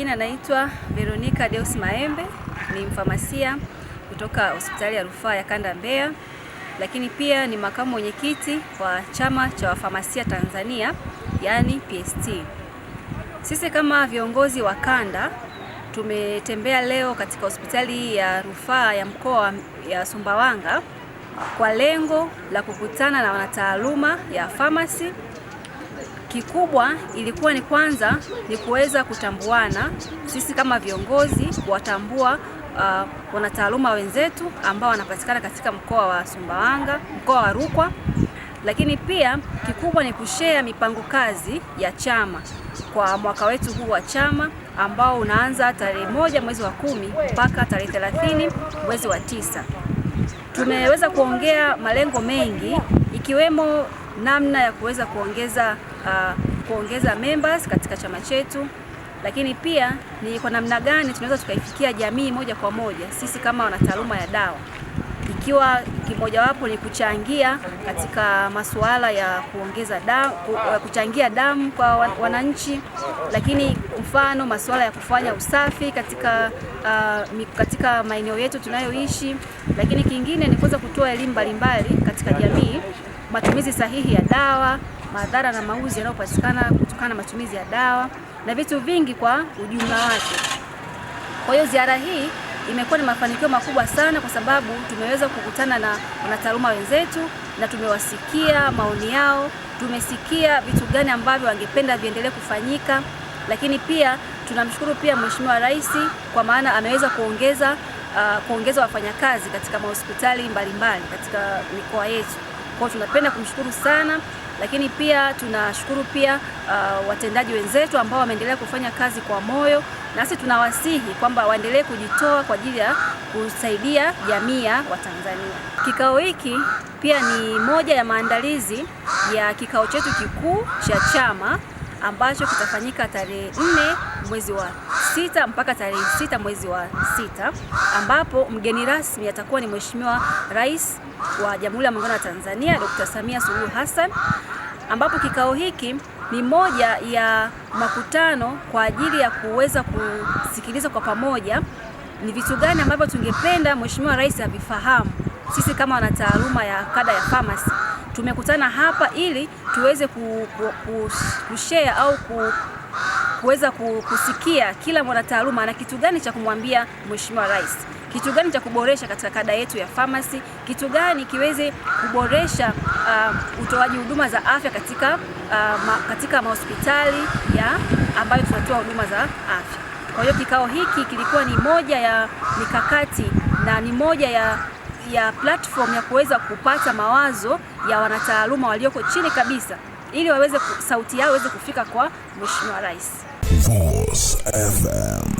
Jina naitwa Veronica Deus Maembe, ni mfamasia kutoka hospitali ya rufaa ya kanda Mbeya, lakini pia ni makamu mwenyekiti wa chama cha wafamasia Tanzania, yani PST. Sisi kama viongozi wa kanda tumetembea leo katika hospitali ya rufaa ya mkoa ya Sumbawanga kwa lengo la kukutana na wanataaluma ya famasi Kikubwa ilikuwa ni kwanza ni kuweza kutambuana sisi kama viongozi, kuwatambua uh, wanataaluma wenzetu ambao wanapatikana katika mkoa wa Sumbawanga, mkoa wa Rukwa, lakini pia kikubwa ni kushea mipango kazi ya chama kwa mwaka wetu huu wa chama ambao unaanza tarehe moja mwezi wa kumi mpaka tarehe 30 mwezi wa tisa. Tumeweza kuongea malengo mengi ikiwemo namna ya kuweza kuongeza uh, kuongeza members katika chama chetu, lakini pia ni kwa namna gani tunaweza tukaifikia jamii moja kwa moja sisi kama wanataaluma ya dawa, ikiwa kimojawapo ni kuchangia katika masuala ya kuongeza damu, uh, kuchangia damu kwa wananchi, lakini mfano masuala ya kufanya usafi katika, uh, katika maeneo yetu tunayoishi, lakini kingine ni kuweza kutoa elimu mbalimbali katika jamii matumizi sahihi ya dawa, madhara na mauzi yanayopatikana kutokana na matumizi ya dawa na vitu vingi kwa ujumla wake. Kwa hiyo ziara hii imekuwa ni mafanikio makubwa sana, kwa sababu tumeweza kukutana na wanataaluma wenzetu na tumewasikia maoni yao, tumesikia vitu gani ambavyo wangependa viendelee kufanyika, lakini pia tunamshukuru pia Mheshimiwa Rais kwa maana ameweza kuongeza uh, kuongeza wafanyakazi katika mahospitali mbalimbali katika mikoa yetu. Kwa tunapenda kumshukuru sana, lakini pia tunashukuru pia uh, watendaji wenzetu ambao wameendelea kufanya kazi kwa moyo, nasi tunawasihi kwamba waendelee kujitoa kwa ajili ya kusaidia jamii ya Watanzania. Kikao hiki pia ni moja ya maandalizi ya kikao chetu kikuu cha chama ambacho kitafanyika tarehe nne mwezi wa sita mpaka tarehe sita mwezi wa sita ambapo mgeni rasmi atakuwa ni Mheshimiwa Rais wa Jamhuri ya Muungano wa Tanzania Dr. Samia Suluhu Hassan ambapo kikao hiki ni moja ya makutano kwa ajili ya kuweza kusikiliza kwa pamoja ni vitu gani ambavyo tungependa Mheshimiwa Rais avifahamu. Sisi kama wanataaluma ya kada ya pharmacy tumekutana hapa ili tuweze kushare au ku kuweza kusikia kila mwanataaluma ana kitu gani cha kumwambia Mheshimiwa Rais, kitu gani cha kuboresha katika kada yetu ya famasi, kitu gani kiweze kuboresha uh, utoaji huduma za afya katika, uh, ma, katika mahospitali ya ambayo tunatoa huduma za afya. Kwa hiyo kikao hiki kilikuwa ni moja ya mikakati na ni moja ya ya platform ya kuweza kupata mawazo ya wanataaluma walioko chini kabisa ili waweze sauti yao iweze kufika kwa Mheshimiwa Rais. Vos FM.